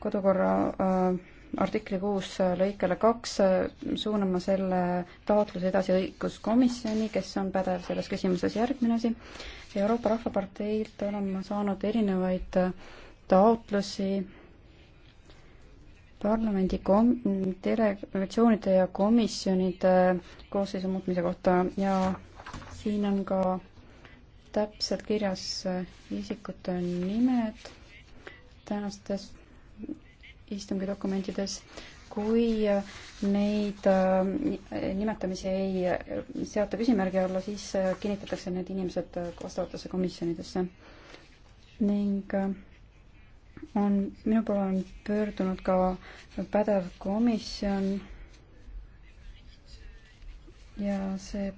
kodukorra äh, artikli kuus äh, lõikele kaks äh, suunama selle taotluse edasi õiguskomisjoni, kes on pädev selles küsimuses. järgmine asi, Euroopa Rahvaparteilt olen ma saanud erinevaid taotlusi parlamendi kom-, delegatsioonide ja komisjonide koosseisu muutmise kohta ja siin on ka täpselt kirjas isikute nimed tänastes istungi dokumentides, kui neid äh, nimetamisi ei äh, seata küsimärgi alla, siis äh, kinnitatakse need inimesed vastavatesse komisjonidesse. ning on, minu poole on pöördunud ka pädev komisjon ja see